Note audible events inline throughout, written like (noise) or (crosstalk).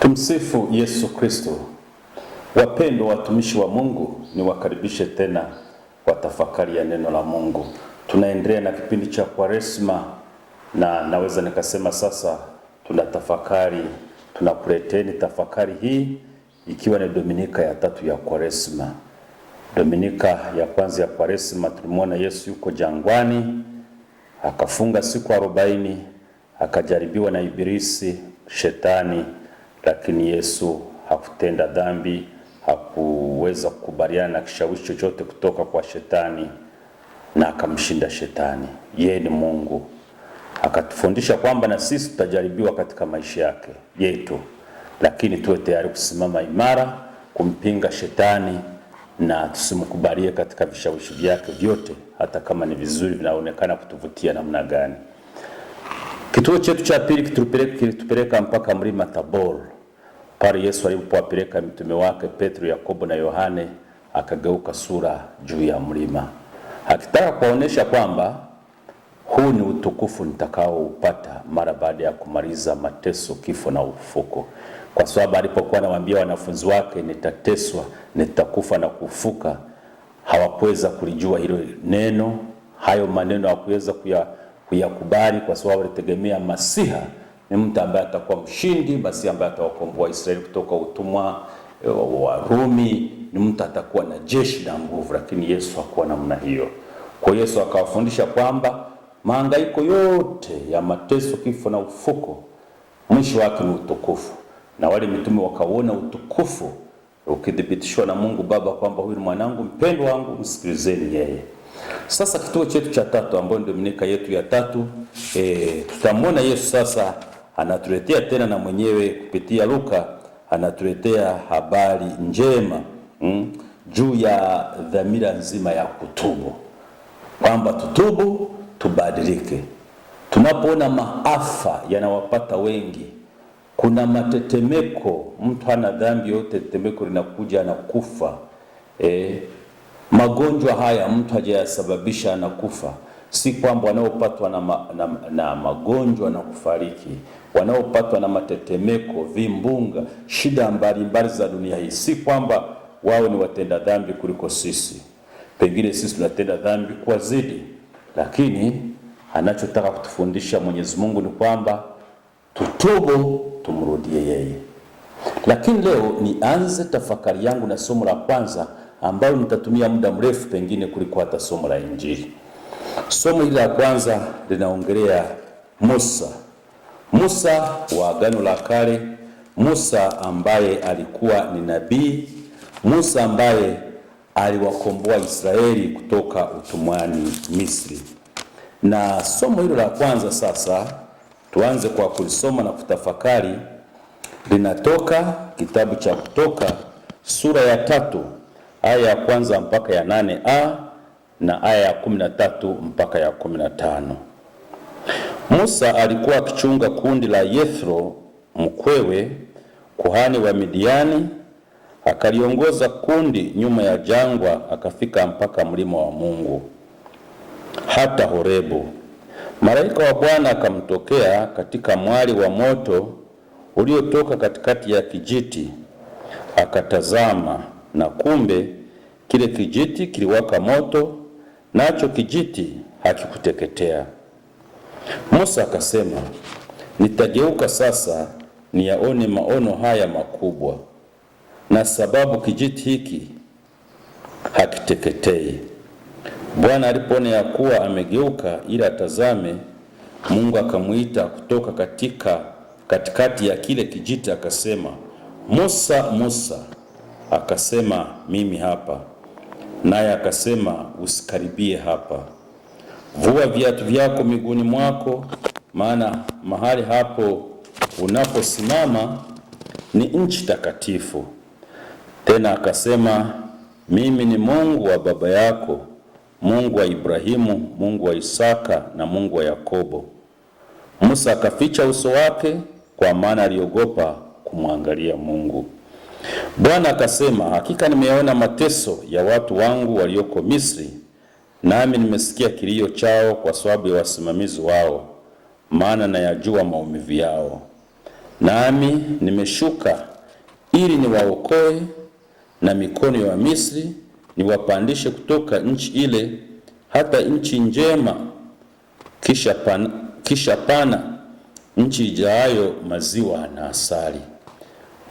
Tumsifu Yesu Kristo. Wapendwa watumishi wa Mungu, niwakaribishe tena kwa tafakari ya neno la Mungu. Tunaendelea na kipindi cha Kwaresma na naweza nikasema sasa tuna tafakari Tunakuleteni tafakari hii ikiwa ni dominika ya tatu ya Kwaresma. Dominika ya kwanza ya Kwaresma tulimwona Yesu yuko jangwani, akafunga siku arobaini, akajaribiwa na Ibilisi Shetani, lakini Yesu hakutenda dhambi, hakuweza kukubaliana na kishawishi chochote kutoka kwa Shetani na akamshinda Shetani. Yeye ni Mungu akatufundisha kwamba na sisi tutajaribiwa katika maisha yake yetu, lakini tuwe tayari kusimama imara kumpinga shetani na tusimkubalie katika vishawishi vyake vyote, hata kama ni vizuri vinaonekana kutuvutia namna gani. Kituo chetu cha pili kilitupeleka mpaka mlima Tabor, pale Yesu alipowapeleka mitume wake Petro, Yakobo na Yohane, akageuka sura juu ya mlima akitaka kuonesha kwamba huu ni utukufu nitakaoupata mara baada ya kumaliza mateso, kifo na ufuko kwa sababu alipokuwa anawaambia wanafunzi wake, nitateswa, nitakufa na kufuka hawakuweza kulijua hilo neno. Hayo maneno hawakuweza kuyakubali, kwa sababu walitegemea Masiha ni mtu ambaye atakuwa mshindi, basi ambaye atawakomboa Israeli kutoka utumwa e, wa Rumi, ni mtu atakuwa na jeshi na nguvu, lakini Yesu hakuwa namna hiyo. Kwa Yesu akawafundisha kwamba mahangaiko yote ya mateso, kifo na ufuko, mwisho wake ni utukufu. Na wale mitume wakaona utukufu ukithibitishwa na Mungu Baba kwamba huyu ni mwanangu mpendwa wangu, msikilizeni yeye. Sasa kituo chetu cha tatu, ambayo ndio minika yetu ya tatu e, tutamwona Yesu sasa anatuletea tena na mwenyewe kupitia Luka anatuletea habari njema mm, juu ya dhamira nzima ya kutubu, kwamba tutubu tubadilike. Tunapoona maafa yanawapata wengi, kuna matetemeko, mtu ana dhambi yote, tetemeko linakuja anakufa. E, magonjwa haya mtu hajayasababisha anakufa. Si kwamba wanaopatwa na, ma, na, na magonjwa na kufariki, wanaopatwa na matetemeko, vimbunga, shida mbalimbali za dunia hii, si kwamba wao ni watenda dhambi kuliko sisi. Pengine sisi tunatenda dhambi kwa zidi lakini anachotaka kutufundisha Mwenyezi Mungu ni kwamba tutubu, tumrudie yeye. Lakini leo nianze tafakari yangu na somo la kwanza ambayo nitatumia muda mrefu pengine kuliko hata somo la Injili. Somo hili la kwanza linaongelea Musa, Musa wa Agano la Kale, Musa ambaye alikuwa ni nabii, Musa ambaye aliwakomboa Israeli kutoka utumwani Misri. Na somo hilo la kwanza sasa tuanze kwa kulisoma na kutafakari, linatoka kitabu cha Kutoka sura ya tatu aya ya kwanza mpaka ya nane a na aya ya kumi na tatu mpaka ya kumi na tano. Musa alikuwa akichunga kundi la Yethro mkwewe kuhani wa Midiani Akaliongoza kundi nyuma ya jangwa, akafika mpaka mlima wa Mungu, hata Horebu. Malaika wa Bwana akamtokea katika mwali wa moto uliotoka katikati ya kijiti. Akatazama, na kumbe kile kijiti kiliwaka moto, nacho kijiti hakikuteketea. Musa akasema, nitageuka sasa niyaone maono haya makubwa na sababu kijiti hiki hakiteketei. Bwana alipoona ya kuwa amegeuka ili atazame, Mungu akamwita kutoka katika katikati ya kile kijiti, akasema, Musa, Musa! Akasema, mimi hapa. Naye akasema, usikaribie hapa, vua viatu vyako miguuni mwako, maana mahali hapo unaposimama ni nchi takatifu. Tena akasema mimi ni Mungu wa baba yako, Mungu wa Ibrahimu, Mungu wa Isaka na Mungu wa Yakobo. Musa akaficha uso wake, kwa maana aliogopa kumwangalia Mungu. Bwana akasema, hakika nimeona mateso ya watu wangu walioko Misri, nami nimesikia kilio chao kwa sababu ya wasimamizi wao, maana nayajua maumivu yao. Nami nimeshuka ili niwaokoe na mikono ya Wamisri, niwapandishe kutoka nchi ile hata nchi njema, kisha pana, kisha pana nchi ijayo maziwa na asali.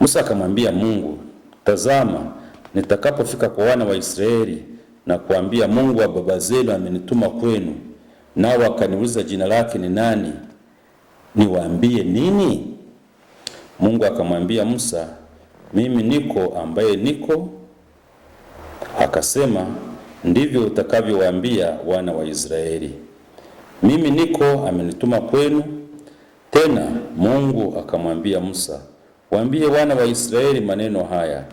Musa akamwambia Mungu, tazama, nitakapofika kwa wana wa Israeli na kuambia, Mungu wa baba zenu amenituma kwenu, nao akaniuliza jina lake ni nani, niwaambie nini? Mungu akamwambia Musa, mimi niko ambaye niko, akasema ndivyo utakavyowaambia wana wa Israeli, mimi niko amenituma kwenu. Tena Mungu akamwambia Musa, waambie wana wa Israeli maneno haya,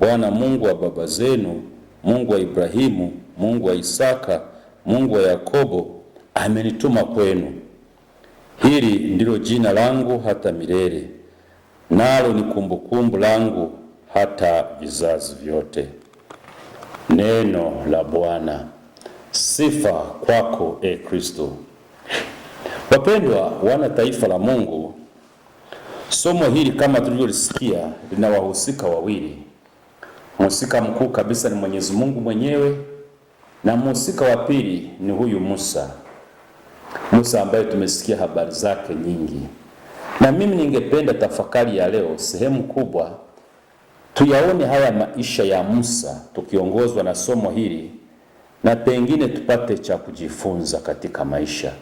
Bwana Mungu wa baba zenu, Mungu wa Ibrahimu, Mungu wa Isaka, Mungu wa Yakobo amenituma kwenu. Hili ndilo jina langu hata milele nalo ni kumbukumbu langu hata vizazi vyote. Neno la Bwana. Sifa kwako e Kristo. Wapendwa wana taifa la Mungu, somo hili kama tulivyolisikia lina wahusika wawili. Mhusika mkuu kabisa ni Mwenyezi Mungu mwenyewe na mhusika wa pili ni huyu Musa. Musa ambaye tumesikia habari zake nyingi. Na mimi ningependa tafakari ya leo sehemu kubwa tuyaone haya maisha ya Musa tukiongozwa na somo hili na pengine tupate cha kujifunza katika maisha.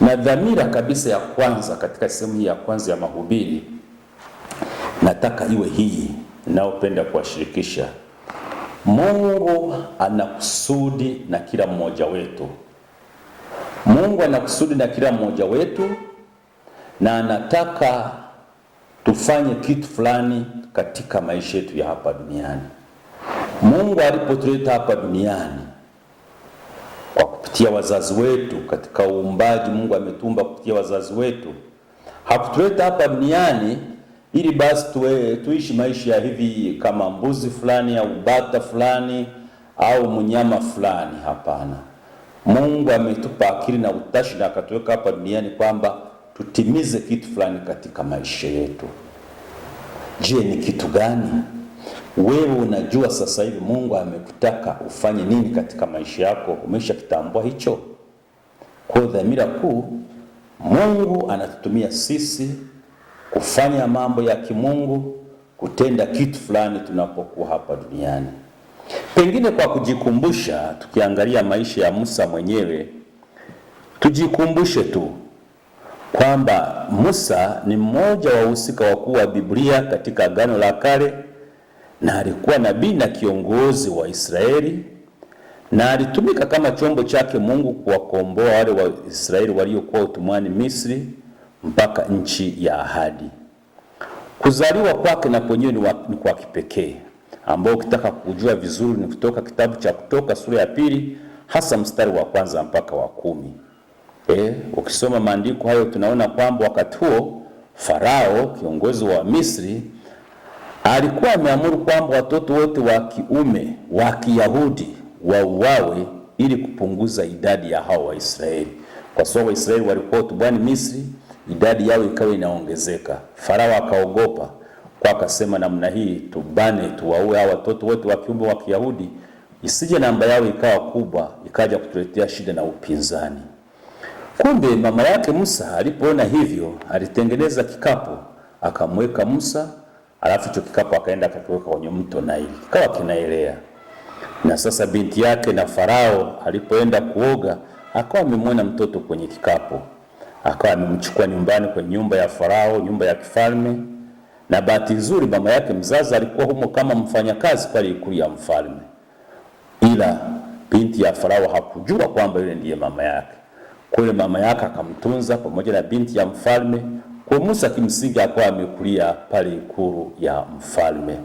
Na dhamira kabisa ya kwanza katika sehemu hii ya kwanza ya mahubiri nataka iwe hii nayopenda kuwashirikisha. Mungu ana kusudi na kila mmoja wetu. Mungu ana kusudi na kila mmoja wetu na anataka tufanye kitu fulani katika maisha yetu ya hapa duniani. Mungu alipotuleta hapa duniani kwa kupitia wazazi wetu katika uumbaji, Mungu ametumba kupitia wazazi wetu, hakutuleta hapa duniani ili basi tuwe, tuishi maisha ya hivi kama mbuzi fulani au bata fulani au mnyama fulani. Hapana, Mungu ametupa akili na utashi na akatuweka hapa duniani kwamba tutimize kitu fulani katika maisha yetu. Je, ni kitu gani? Wewe unajua sasa hivi Mungu amekutaka ufanye nini katika maisha yako? Umesha kitambua hicho? Kwa dhamira kuu, Mungu anatutumia sisi kufanya mambo ya kimungu, kutenda kitu fulani tunapokuwa hapa duniani. Pengine kwa kujikumbusha, tukiangalia maisha ya Musa mwenyewe, tujikumbushe tu kwamba Musa ni mmoja wa wahusika wakuu wa Biblia katika Agano la Kale na alikuwa nabii na kiongozi wa Israeli na alitumika kama chombo chake Mungu kuwakomboa wale wa Israeli waliokuwa utumwani Misri mpaka nchi ya ahadi. Kuzaliwa kwake na kwenyewe ni kwa kipekee, ambao ukitaka kujua vizuri ni kutoka kitabu cha Kutoka sura ya pili hasa mstari wa kwanza mpaka wa kumi. Eh, ukisoma maandiko hayo tunaona kwamba wakati huo Farao kiongozi wa Misri alikuwa ameamuru kwamba watoto wote wa kiume wa Kiyahudi wauawe ili kupunguza idadi ya hao Waisraeli, kwa sababu Waisraeli walikuwa utubwani Misri, idadi yao ikawa inaongezeka. Farao akaogopa kwa akasema, namna hii tubane, tuwaue hao watoto wote wa kiume wa Kiyahudi, isije namba yao ikawa kubwa, ikaja kutuletea shida na upinzani. Kumbe mama yake Musa alipoona hivyo alitengeneza kikapu akamweka Musa, alafu hicho kikapu akaenda akakiweka kwenye mto Naili kawa kinaelea. Na sasa binti yake na Farao alipoenda kuoga akawa amemwona mtoto kwenye kikapu, akawa amemchukua nyumbani kwenye nyumba ya Farao, nyumba ya kifalme. Na bahati nzuri mama yake mzazi alikuwa humo kama mfanyakazi pale ikulu ya mfalme, ila binti ya Farao hakujua kwamba yule ndiye mama yake kule mama yake akamtunza pamoja na binti ya mfalme. Kwa Musa kimsingi akawa amekulia pale ikulu ya mfalme,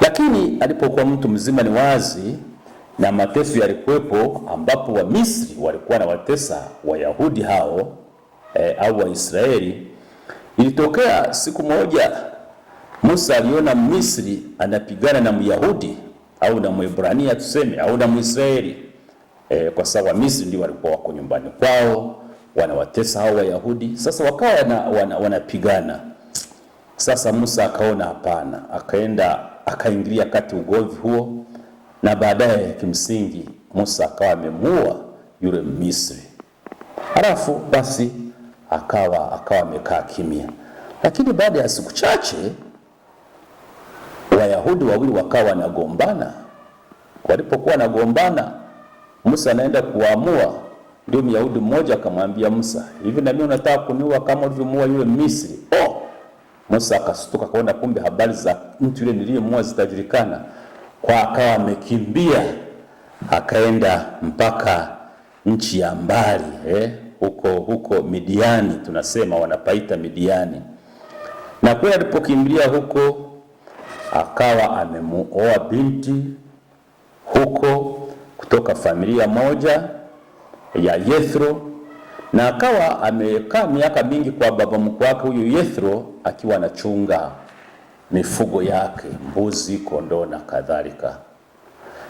lakini alipokuwa mtu mzima ni wazi na mateso yalikuwepo, ambapo Wamisri walikuwa na watesa Wayahudi hao e, au Waisraeli. Ilitokea siku moja Musa aliona Misri anapigana na Myahudi au na Mwebrania tuseme, au na Mwisraeli e, kwa sababu Wamisri ndio walikuwa wako nyumbani kwao wanawatesa hao Wayahudi. Sasa wakawa wanapigana wana sasa Musa akaona hapana, akaenda akaingilia kati ugomvi huo, na baadaye kimsingi Musa akawa amemuua yule Misri, halafu basi akawa akawa amekaa kimya. Lakini baada ya siku chache Wayahudi wawili wakawa wanagombana. Walipokuwa wanagombana Musa anaenda kuamua, ndio Myahudi mmoja akamwambia Musa, hivi na mimi unataka kuniua kama ulivyomuua yule Misri? Oh, Musa akastuka, kaona kumbe habari za mtu yule niliyemuua zitajulikana, kwa akawa amekimbia akaenda mpaka nchi ya mbali eh, huko huko Midiani, tunasema wanapaita Midiani. Na kweli alipokimbilia huko akawa amemuoa binti huko kutoka familia moja ya Yethro, na akawa amekaa miaka mingi kwa baba mkwe wake huyu Yethro, akiwa anachunga mifugo yake, mbuzi, kondoo na kadhalika.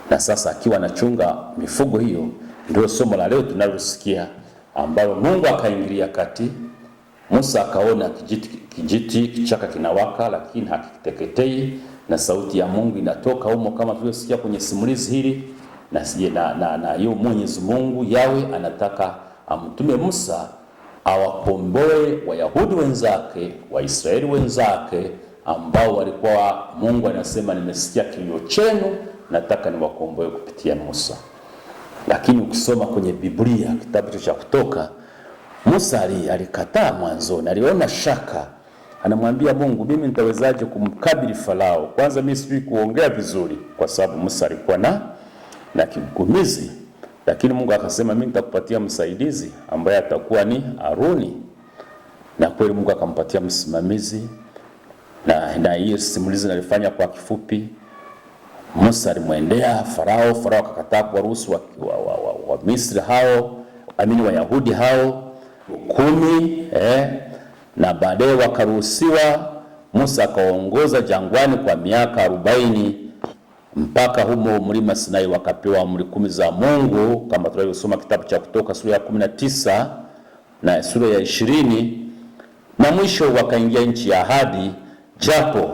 Na sasa akiwa anachunga mifugo hiyo, ndio somo la leo tunalosikia, ambalo Mungu akaingilia kati. Musa akaona kijiti, kijiti kichaka kinawaka lakini hakiteketei, na sauti ya Mungu inatoka humo, kama tulivyosikia kwenye simulizi hili na sije na, na, na yo Mwenyezi Mungu yawe anataka amtume Musa awakomboe Wayahudi wenzake, Waisraeli wenzake ambao walikuwa, Mungu anasema nimesikia kilio chenu, nataka niwakomboe kupitia Musa. Lakini ukisoma kwenye Biblia kitabu cha Kutoka, Musa alikataa mwanzoni, aliona shaka, anamwambia Mungu, mimi nitawezaje kumkabili Farao? Kwanza mimi sijui kuongea vizuri, kwa sababu Musa alikuwa na na kimkumizi, lakini Mungu akasema mimi nitakupatia msaidizi ambaye atakuwa ni Haruni. Na kweli Mungu akampatia msimamizi, na na hiyo simulizi nalifanya kwa kifupi. Musa alimwendea Farao, Farao akakataa kuwaruhusu wa, wa, wa, wa, wa Misri hao amini Wayahudi hao kumi eh, na baadaye wakaruhusiwa. Musa akaongoza jangwani kwa miaka arobaini mpaka humo mlima Sinai wakapewa amri kumi za Mungu kama tulivyosoma kitabu cha Kutoka sura ya 19 na sura ya 20, na mwisho wakaingia nchi ya ahadi, japo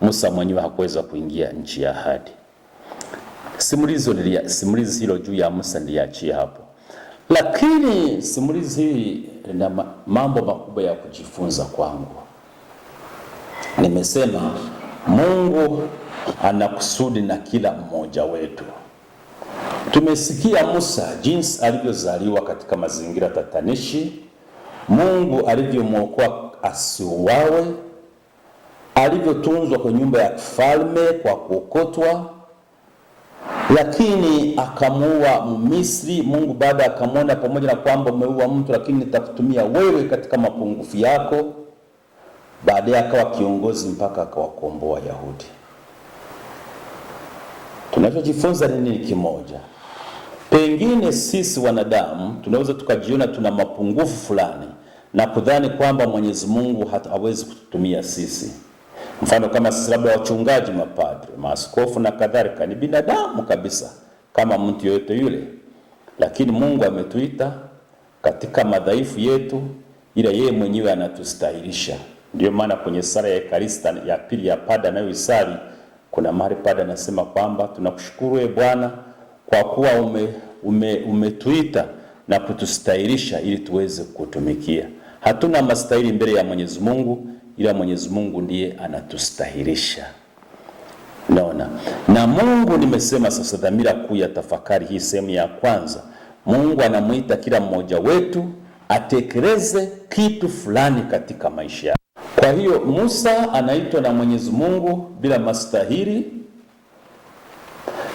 Musa mwenyewe hakuweza kuingia nchi ya ahadi. Simulizi nilia simulizi hilo juu ya Musa niliachia hapo, lakini simulizi hii ina mambo makubwa ya kujifunza kwangu. Nimesema Mungu ana kusudi na kila mmoja wetu. Tumesikia Musa jinsi alivyozaliwa katika mazingira tatanishi, Mungu alivyomwokoa asiuawe, alivyotunzwa kwa nyumba ya kifalme kwa kuokotwa, lakini akamuua Mmisri. Mungu baada akamwona, pamoja na kwamba umeua mtu, lakini nitakutumia wewe katika mapungufu yako. Baadaye akawa kiongozi mpaka akawakomboa Wayahudi. Tunachojifunza ni nini? Kimoja, pengine sisi wanadamu tunaweza tukajiona tuna mapungufu fulani na kudhani kwamba Mwenyezi Mungu hawezi kututumia sisi. Mfano kama sisi labda wachungaji, mapadre, maaskofu na kadhalika, ni binadamu kabisa kama mtu yoyote yule, lakini Mungu ametuita katika madhaifu yetu, ila yeye mwenyewe anatustahilisha. Ndiyo maana kwenye sala ya Ekaristi ya pili ya Pada anayoisali kuna mahali pale anasema kwamba tunakushukuru e Bwana kwa kuwa ume, ume, umetuita na kutustahilisha ili tuweze kutumikia. Hatuna mastahili mbele ya Mwenyezi Mungu ila Mwenyezi Mungu ndiye anatustahilisha. Naona. Na Mungu nimesema sasa, dhamira kuu ya tafakari hii sehemu ya kwanza, Mungu anamwita kila mmoja wetu atekeleze kitu fulani katika maisha kwa hiyo Musa anaitwa na Mwenyezi Mungu bila mastahili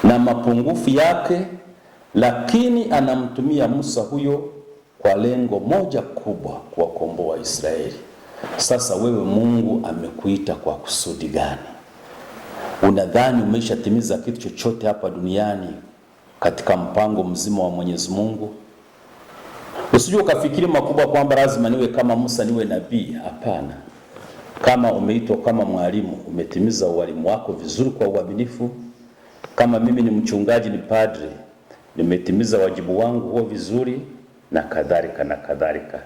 na mapungufu yake, lakini anamtumia Musa huyo kwa lengo moja kubwa, kuwakomboa Israeli. Sasa wewe Mungu amekuita kwa kusudi gani? Unadhani umeshatimiza kitu chochote hapa duniani katika mpango mzima wa Mwenyezi Mungu? Usijue ukafikiri makubwa kwamba lazima niwe kama Musa, niwe nabii. Hapana. Kama umeitwa kama mwalimu, umetimiza uwalimu wako vizuri kwa uaminifu. Kama mimi ni mchungaji, ni padri, nimetimiza wajibu wangu huo vizuri, na kadhalika na kadhalika.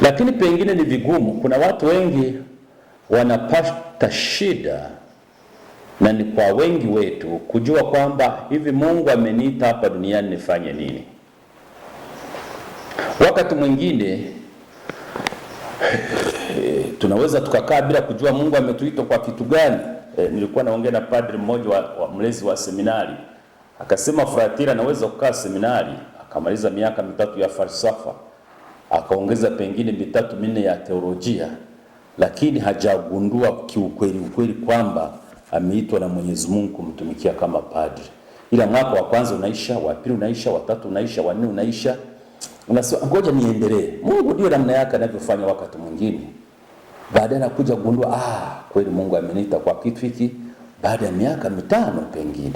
Lakini pengine ni vigumu, kuna watu wengi wanapata shida, na ni kwa wengi wetu kujua kwamba hivi Mungu ameniita hapa duniani nifanye nini? Wakati mwingine e, tunaweza tukakaa bila kujua Mungu ametuita kwa kitu gani. E, nilikuwa naongea na padri mmoja wa, wa mlezi wa seminari akasema Fratira anaweza kukaa seminari akamaliza miaka mitatu ya falsafa akaongeza pengine mitatu minne ya teolojia, lakini hajagundua kiukweli ukweli kwamba ameitwa na Mwenyezi Mungu kumtumikia kama padri. Ila mwaka wa kwanza unaisha, wa pili unaisha, wa tatu unaisha, wa nne unaisha, unasema ngoja niendelee. Mungu ndio namna yake anavyofanya wakati mwingine. Baadaye nakuja kugundua ah, kweli Mungu ameniita kwa kitu hiki baada ya miaka mitano pengine.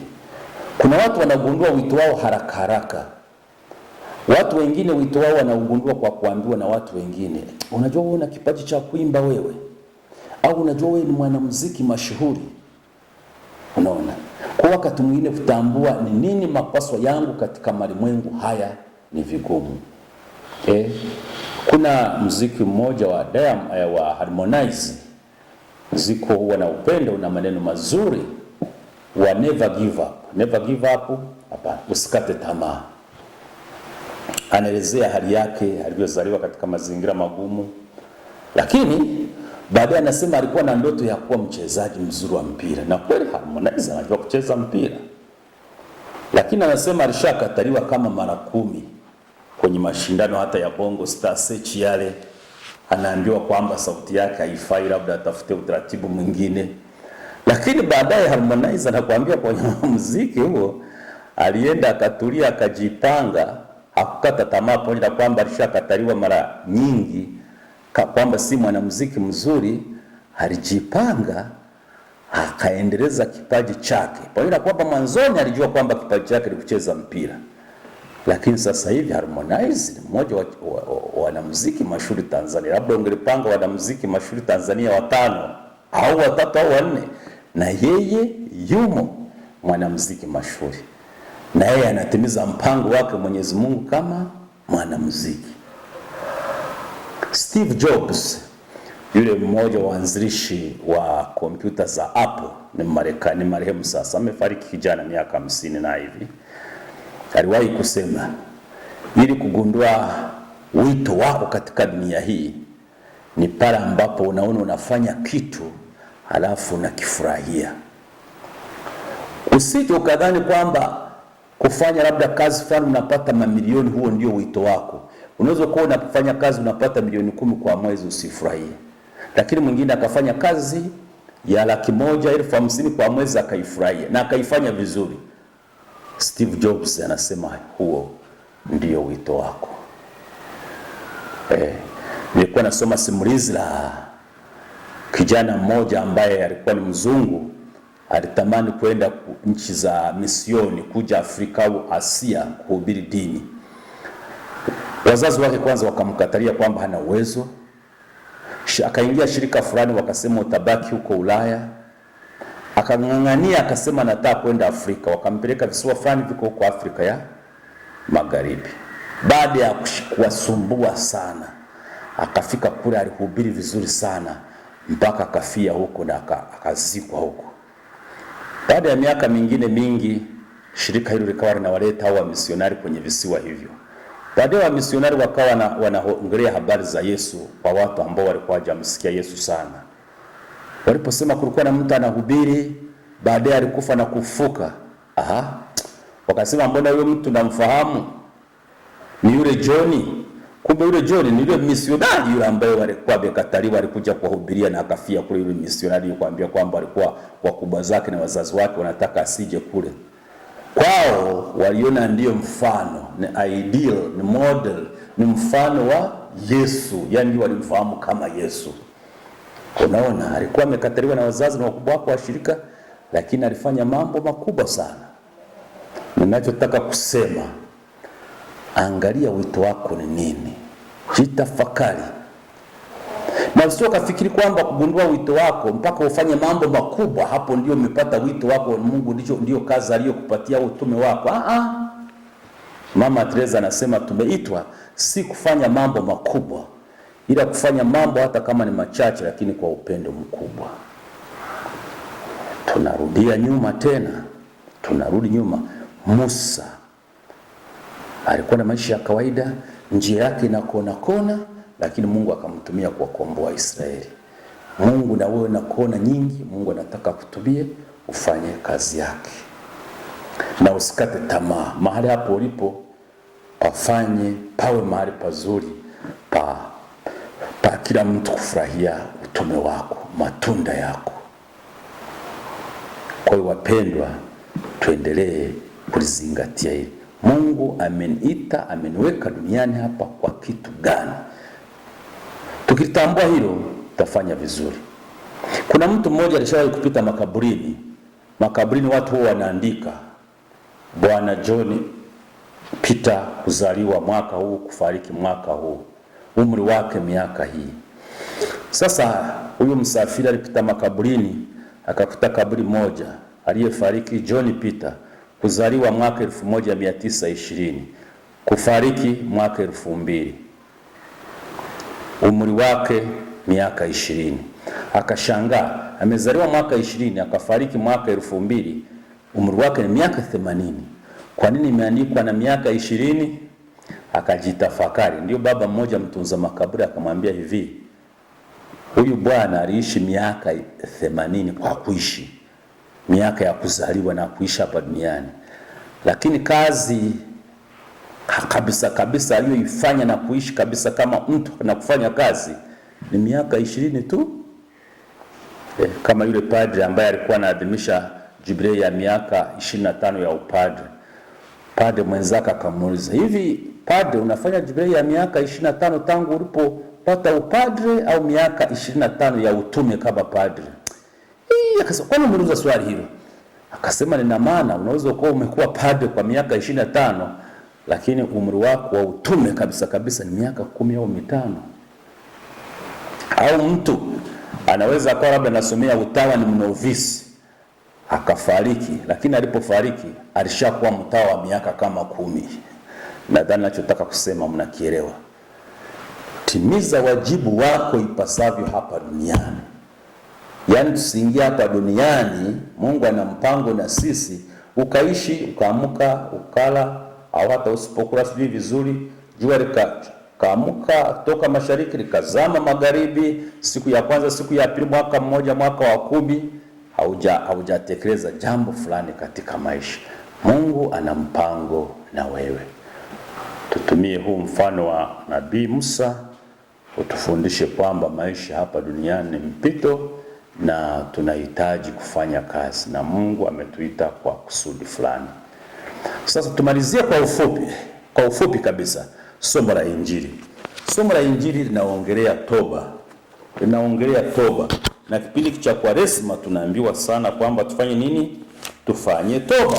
Kuna watu wanagundua wito wao haraka haraka. Watu wengine wito wao wanaugundua kwa kuambiwa na watu wengine. Unajua wewe una kipaji cha kuimba wewe, au unajua wewe ni mwanamuziki mashuhuri. Unaona, kwa wakati mwingine kutambua ni nini mapaswa yangu katika malimwengu haya ni vigumu eh. Kuna mziki mmoja wa eh, wa Harmonize, mziki huwa na upendo na maneno mazuri wa never give up. Never give up, hapa usikate tamaa. Anaelezea hali yake alivyozaliwa katika mazingira magumu, lakini baadaye anasema alikuwa na ndoto ya kuwa mchezaji mzuri wa mpira, na kweli Harmonize anajua kucheza mpira, lakini anasema alishakataliwa kama mara kumi kwenye mashindano hata ya Bongo Star Search yale, anaambiwa kwamba sauti yake haifai, labda atafute utaratibu mwingine. Lakini baadaye Harmonize anakuambia kwenye (laughs) muziki huo alienda akatulia, akajipanga, hakukata tamaa, pamoja na kwamba alishakataliwa mara nyingi kwamba si mwanamuziki mzuri. Alijipanga akaendeleza kipaji chake, pamoja na kwamba mwanzoni alijua kwamba kipaji chake ni kucheza mpira. Lakini sasa hivi Harmonize ni mmoja wa wanamuziki mashuhuri Tanzania. Labda ungelipanga wanamuziki mashuhuri Tanzania watano au watatu au wanne, na yeye yumo mwanamuziki mashuhuri, na yeye anatimiza mpango wake Mwenyezi Mungu kama mwanamuziki. Steve Jobs yule mmoja waanzilishi wa kompyuta za Apple ni Marekani, marehemu sasa amefariki kijana miaka hamsini na hivi aliwahi kusema, ili kugundua wito wako katika dunia hii ni pale ambapo unaona unafanya kitu halafu unakifurahia. Usije ukadhani kwamba kufanya labda kazi fulani unapata mamilioni, huo ndio wito wako. Unaweza kuwa unafanya kazi unapata milioni kumi kwa mwezi usifurahie, lakini mwingine akafanya kazi ya laki moja elfu hamsini kwa mwezi akaifurahia na akaifanya vizuri. Steve Jobs anasema huo ndio wito wako. Eh, nilikuwa nasoma simulizi la kijana mmoja ambaye alikuwa ni mzungu, alitamani kwenda nchi za misioni, kuja Afrika au Asia kuhubiri dini. Wazazi wake kwanza wakamkatalia kwamba hana uwezo. Akaingia shirika fulani, wakasema utabaki huko Ulaya akang'ang'ania, akasema nataka kwenda Afrika. Wakampeleka visiwa fulani viko huko Afrika ya Magharibi. Baada ya kuwasumbua sana, akafika kule, alihubiri vizuri sana mpaka akafia huko na akazikwa huko. Baada ya miaka mingine mingi, shirika hilo likawa linawaleta hao wamisionari kwenye visiwa hivyo. Baadaye wamisionari wakawa wanaongelea habari za Yesu kwa watu ambao walikuwa hawajamsikia Yesu sana. Waliposema kulikuwa na mtu anahubiri, baadaye alikufa na kufuka. Aha, wakasema mbona huyo mtu namfahamu, ni yule John. Kumbe yule John ni yule misionari yule ambaye walikuwa wamekataliwa, alikuja kuwahubiria na akafia kule. Yule misionari yukwambia kwamba alikuwa wakubwa zake na wazazi wake wanataka asije kule kwao, waliona ndiyo mfano, ni ideal, ni model, ni mfano wa Yesu, yani walimfahamu kama Yesu. Unaona, alikuwa amekataliwa na wazazi na wakubwa wako wa shirika, lakini alifanya mambo makubwa sana. Ninachotaka kusema, angalia wito wako ni nini, jitafakari na usio kafikiri kwamba kugundua wito wako mpaka ufanye mambo makubwa, hapo ndio umepata wito wako Mungu, ndicho ndio kazi aliyokupatia utume wako. Ah ah, Mama Teresa anasema tumeitwa si kufanya mambo makubwa ila kufanya mambo hata kama ni machache, lakini kwa upendo mkubwa. Tunarudia nyuma tena, tunarudi nyuma. Musa alikuwa na maisha ya kawaida, njia yake na kona kona, lakini Mungu akamtumia kuwakomboa Israeli. Mungu na wewe na kona nyingi, Mungu anataka kutumie ufanye kazi yake, na usikate tamaa mahali hapo ulipo, pafanye pawe mahali pazuri pa pa kila mtu kufurahia utume wako, matunda yako. Kwa hiyo wapendwa, tuendelee kulizingatia hili. Mungu ameniita, ameniweka duniani hapa kwa kitu gani? Tukitambua hilo tutafanya vizuri. Kuna mtu mmoja alishawahi kupita makaburini. Makaburini watu huwa wanaandika Bwana John Peter kuzaliwa mwaka huu, kufariki mwaka huu umri wake miaka hii. Sasa huyu msafiri alipita makaburini akakuta kaburi moja aliyefariki John Peter, kuzaliwa mwaka 1920 kufariki mwaka 2000, umri wake miaka 20. Akashangaa, amezaliwa mwaka 20 akafariki mwaka 2000, umri wake ni miaka 80. Kwa nini imeandikwa na miaka ishirini akajitafakari. Ndio baba mmoja mtunza makaburi akamwambia hivi, huyu bwana aliishi miaka themanini kwa kuishi miaka ya kuzaliwa na kuishi hapa duniani, lakini kazi kabisa kabisa aliyoifanya na kuishi kabisa kama mtu na kufanya kazi ni miaka ishirini tu eh, kama yule padre ambaye alikuwa anaadhimisha jubilei ya miaka ishirini na tano ya upadre. Padre mwenzake akamuuliza hivi upadre unafanya jubilei ya miaka 25 tangu ulipopata upadre au miaka 25 ya utume kama padre. Hii akasema kwani umeuliza swali hilo? Akasema nina maana unaweza kuwa umekuwa padre kwa miaka 25 lakini umri wako wa utume kabisa kabisa ni miaka kumi au mitano. Au mtu anaweza kuwa labda anasomea utawa ni mnovisi akafariki, lakini alipofariki alishakuwa mtawa wa miaka kama kumi. Nadhani nachotaka kusema mnakielewa. Timiza wajibu wako ipasavyo hapa duniani. Yaani tusiingia hapa duniani, Mungu ana mpango na sisi, ukaishi ukaamka ukala, au hata usipokula sijui vizuri, jua kaamka toka mashariki likazama magharibi, siku ya kwanza, siku ya pili, mwaka mmoja, mwaka wa kumi, hauja haujatekeleza jambo fulani katika maisha. Mungu ana mpango na wewe. Tutumie huu mfano wa Nabii Musa utufundishe kwamba maisha hapa duniani ni mpito na tunahitaji kufanya kazi na Mungu ametuita kwa kusudi fulani. Sasa tumalizie kwa ufupi, kwa ufupi kabisa somo la Injili. Somo la Injili linaongelea toba, linaongelea toba, na kipindi cha Kwaresma tunaambiwa sana kwamba tufanye nini? Tufanye toba,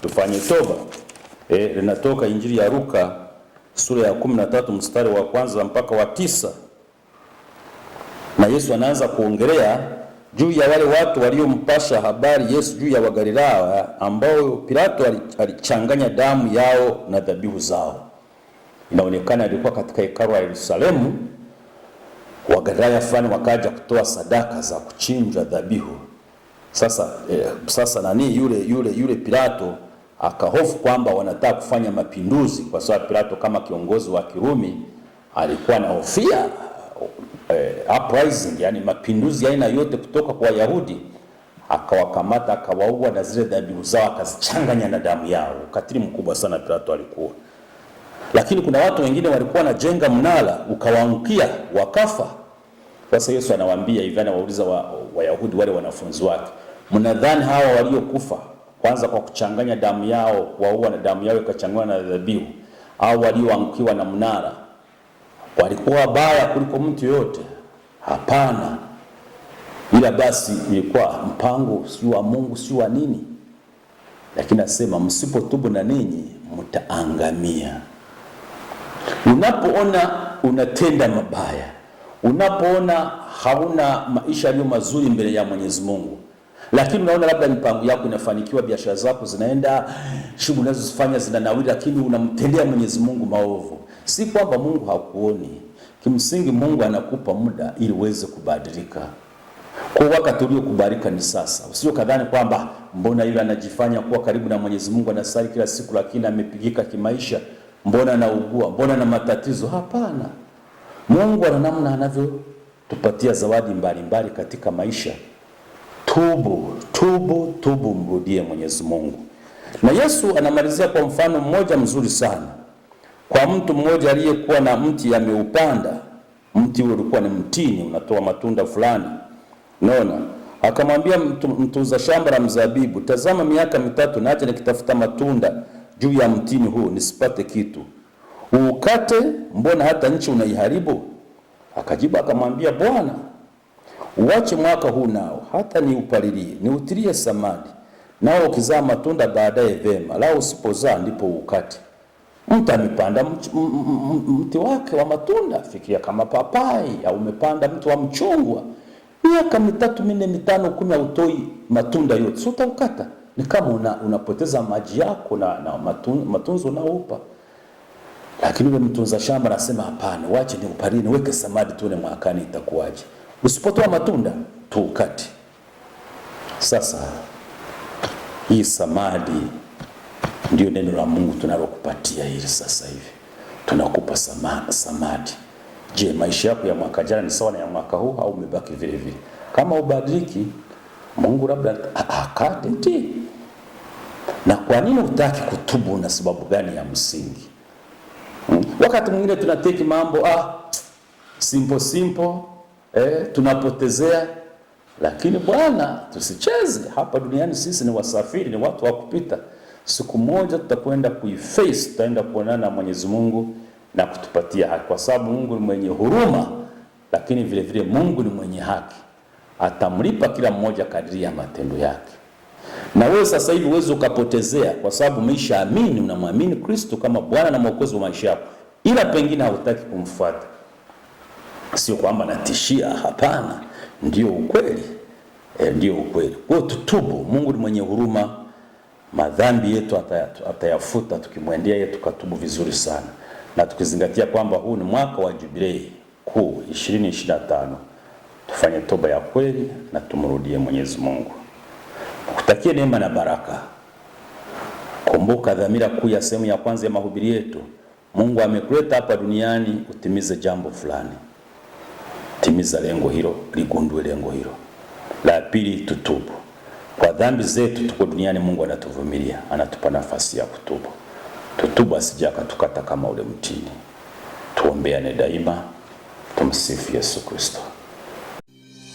tufanye toba e, linatoka Injili ya Luka sura ya 13 mstari wa kwanza mpaka wa tisa, na Yesu anaanza kuongelea juu ya wale watu waliompasha habari Yesu juu ya Wagalilaya ambao Pilato alichanganya damu yao na dhabihu zao. Inaonekana alikuwa katika hekalu la Yerusalemu. Wagalilaya fulani wakaja kutoa sadaka za kuchinjwa dhabihu. Sasa eh, sasa nani yule yule yule Pilato akahofu kwamba wanataka kufanya mapinduzi, kwa sababu Pilato kama kiongozi wa Kirumi alikuwa na hofia eh, uprising, yani mapinduzi aina yote kutoka kwa Wayahudi. Akawakamata, akawaua na zile dhabihu zao akazichanganya na damu yao. Ukatili mkubwa sana Pilato alikuwa. Lakini kuna watu wengine walikuwa wanajenga mnara ukawaangukia wakafa. Sasa Yesu anawaambia hivi, anawauliza Wayahudi wa wale wanafunzi wake, mnadhani hawa waliokufa kwanza kwa kuchanganya damu yao, waua na damu yao ikachanganywa na dhabihu, au walioangukiwa na mnara walikuwa baya kuliko mtu yote? Hapana, ila basi ilikuwa mpango si wa Mungu, si wa nini, lakini asema msipotubu na ninyi mtaangamia. Unapoona unatenda mabaya, unapoona hauna maisha yaliyo mazuri mbele ya Mwenyezi Mungu lakini unaona labda mipango yako inafanikiwa, biashara zako zinaenda, shughuli unazozifanya zinanawiri, lakini unamtendea Mwenyezi Mungu maovu. Si kwamba Mungu hakuoni, kimsingi Mungu anakupa muda ili uweze kubadilika. Kwa wakati uliokubalika ni sasa. Usio kadhani kwamba mbona yule anajifanya kuwa karibu na Mwenyezi Mungu, anasali kila siku, lakini amepigika kimaisha, mbona anaugua, mbona na matatizo. Hapana, Mungu ana namna anavyotupatia zawadi mbalimbali mbali katika maisha tubu, tubu, tubu, mrudie Mwenyezi Mungu. Na Yesu anamalizia kwa mfano mmoja mzuri sana kwa mtu mmoja aliyekuwa na mti ameupanda. Mti huo ulikuwa ni mtini unatoa matunda fulani, unaona. Akamwambia mtunza shamba la mzabibu, tazama, miaka mitatu naje nikitafuta matunda juu ya mtini huu nisipate kitu, uukate, mbona hata nchi unaiharibu? Akajibu akamwambia, Bwana Uwache mwaka huu nao, hata ni upalilie, ni utilie samadi, nao ukizaa matunda baadaye vema, lao usipozaa ndipo ukate. Mtu amepanda mti wake wa matunda, fikiria kama papai, au umepanda mti wa mchungwa, miaka mitatu minne mitano kumi, hautoi matunda yote, sio utaukata. Ni kama una, unapoteza maji yako na, na matun, matunzo unaoupa. Lakini ule mtunza shamba anasema hapana, wache ni upalini, weke samadi, tune mwakani itakuwaje? Usipotoa matunda tuukate. Sasa hii samadi ndio neno la Mungu tunalokupatia hili sasa hivi, tunakupa sama, samadi. Je, maisha yako ya mwaka jana ni sawa na ya mwaka huu au umebaki vile vile? Kama ubadiliki, Mungu labda akate ti. Na kwa nini utaki kutubu? Na sababu gani ya msingi? Hmm. Wakati mwingine tunateki mambo ah, simple simple eh, tunapotezea. Lakini bwana, tusicheze hapa duniani. Sisi ni wasafiri, ni watu wa kupita. Siku moja tutakwenda kuiface, tutaenda kuonana na Mwenyezi Mungu na kutupatia haki, kwa sababu Mungu ni mwenye huruma, lakini vile vile Mungu ni mwenye haki, atamlipa kila mmoja kadiri ya matendo yake. Na wewe sasa hivi uweze ukapotezea, kwa sababu umeishaamini, unamwamini Kristo kama Bwana na Mwokozi wa maisha yako, ila pengine hautaki kumfuata sio kwamba natishia, hapana, ndio ukweli e, ndio ukweli. Kwa hiyo tutubu, Mungu ni mwenye huruma, madhambi yetu atayafuta tukimwendea yeye tukatubu vizuri sana, na tukizingatia kwamba huu ni mwaka wa jubilei kuu 2025 tufanye toba ya kweli na tumrudie Mwenyezi Mungu. Kutakia neema na baraka. Kumbuka dhamira kuu ya sehemu ya kwanza ya mahubiri yetu. Mungu amekuleta hapa duniani utimize jambo fulani timiza lengo hilo, ligundue lengo hilo. La pili, tutubu kwa dhambi zetu. Tuko duniani, Mungu anatuvumilia, anatupa nafasi ya kutubu. Tutubu asije akatukata kama ule mtini. Tuombeane daima. Tumsifu Yesu Kristo.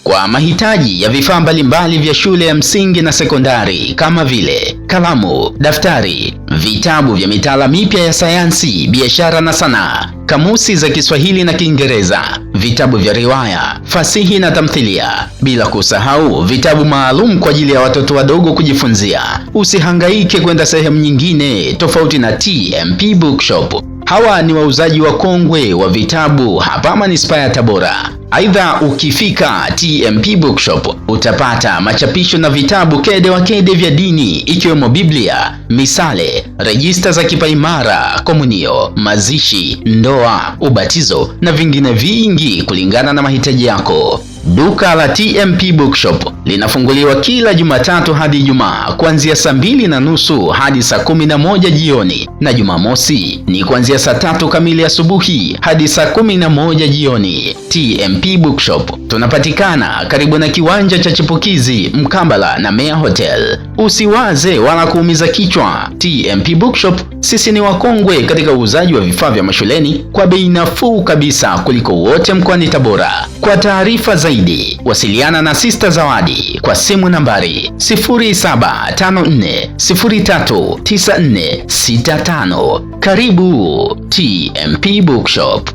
Kwa mahitaji ya vifaa mbalimbali vya shule ya msingi na sekondari kama vile kalamu, daftari, vitabu vya mitaala mipya ya sayansi, biashara na sanaa kamusi za Kiswahili na Kiingereza, vitabu vya riwaya, fasihi na tamthilia, bila kusahau vitabu maalum kwa ajili ya watoto wadogo kujifunzia. Usihangaike kwenda sehemu nyingine tofauti na TMP Bookshop. Hawa ni wauzaji wakongwe wa vitabu hapa manispaa ya Tabora. Aidha, ukifika TMP Bookshop utapata machapisho na vitabu kede wa kede vya dini ikiwemo Biblia, misale, rejista za kipaimara, komunio, mazishi, ndoa, ubatizo na vingine vingi kulingana na mahitaji yako. Duka la TMP Bookshop linafunguliwa kila Jumatatu hadi Ijumaa kuanzia saa mbili na nusu hadi saa kumi na moja jioni na Jumamosi ni kuanzia saa tatu kamili asubuhi hadi saa kumi na moja jioni. TMP MP Bookshop. Tunapatikana karibu na kiwanja cha Chipukizi, Mkambala na Mea Hotel. Usiwaze wala kuumiza kichwa. TMP Bookshop sisi ni wakongwe katika uuzaji wa vifaa vya mashuleni kwa bei nafuu kabisa kuliko wote mkoani Tabora. Kwa taarifa zaidi, wasiliana na Sister Zawadi kwa simu nambari 0754039465. Karibu TMP Bookshop.